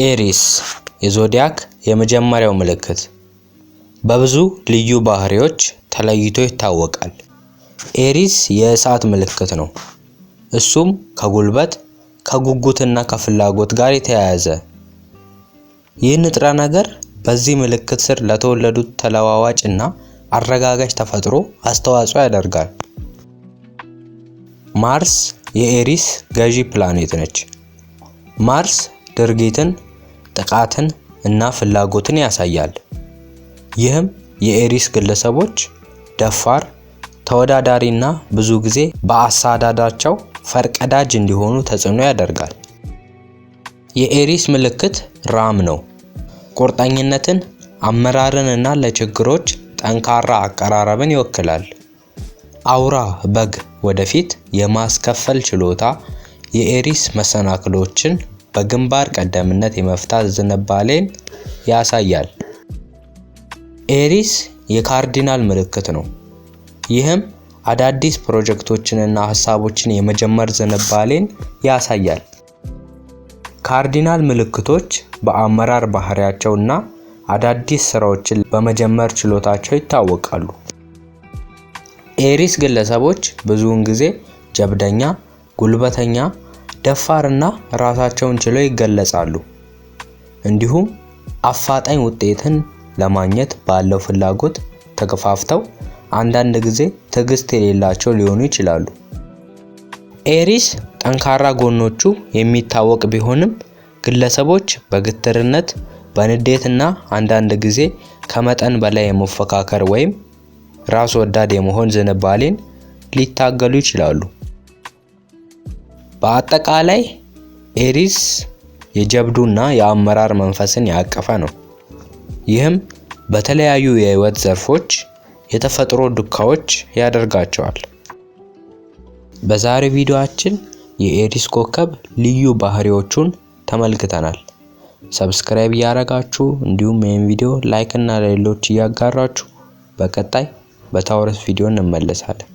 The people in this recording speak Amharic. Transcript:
ኤሪስ የዞዲያክ የመጀመሪያው ምልክት በብዙ ልዩ ባህሪዎች ተለይቶ ይታወቃል። ኤሪስ የእሳት ምልክት ነው። እሱም ከጉልበት ከጉጉትና ከፍላጎት ጋር የተያያዘ። ይህ ንጥረ ነገር በዚህ ምልክት ስር ለተወለዱት ተለዋዋጭ እና አረጋጋጭ ተፈጥሮ አስተዋጽኦ ያደርጋል። ማርስ የኤሪስ ገዢ ፕላኔት ነች። ማርስ ድርጊትን፣ ጥቃትን እና ፍላጎትን ያሳያል። ይህም የኤሪስ ግለሰቦች ደፋር፣ ተወዳዳሪ እና ብዙ ጊዜ በአሳዳዳቸው ፈርቀዳጅ እንዲሆኑ ተጽዕኖ ያደርጋል። የኤሪስ ምልክት ራም ነው። ቁርጠኝነትን፣ አመራርን እና ለችግሮች ጠንካራ አቀራረብን ይወክላል። አውራ በግ ወደፊት የማስከፈል ችሎታ የኤሪስ መሰናክሎችን በግንባር ቀደምትነት የመፍታት ዝንባሌን ያሳያል። ኤሪስ የካርዲናል ምልክት ነው። ይህም አዳዲስ ፕሮጀክቶችንና ሀሳቦችን የመጀመር ዝንባሌን ያሳያል። ካርዲናል ምልክቶች በአመራር ባህሪያቸው እና አዳዲስ ስራዎችን በመጀመር ችሎታቸው ይታወቃሉ። ኤሪስ ግለሰቦች ብዙውን ጊዜ ጀብደኛ፣ ጉልበተኛ ደፋርና ራሳቸውን ችለው ይገለጻሉ። እንዲሁም አፋጣኝ ውጤትን ለማግኘት ባለው ፍላጎት ተከፋፍተው አንዳንድ ጊዜ ትዕግስት የሌላቸው ሊሆኑ ይችላሉ። ኤሪስ ጠንካራ ጎኖቹ የሚታወቅ ቢሆንም ግለሰቦች በግትርነት በንዴትና አንዳንድ ጊዜ ከመጠን በላይ የመፎካከር ወይም ራስ ወዳድ የመሆን ዝንባሌን ሊታገሉ ይችላሉ። በአጠቃላይ ኤሪስ የጀብዱና የአመራር መንፈስን ያቀፈ ነው። ይህም በተለያዩ የህይወት ዘርፎች የተፈጥሮ ዱካዎች ያደርጋቸዋል። በዛሬ ቪዲዮአችን የኤሪስ ኮከብ ልዩ ባህሪዎቹን ተመልክተናል። ሰብስክራይብ እያደረጋችሁ እንዲሁም ይህን ቪዲዮ ላይክ እና ለሌሎች እያጋራችሁ በቀጣይ በታውረስ ቪዲዮ እንመለሳለን።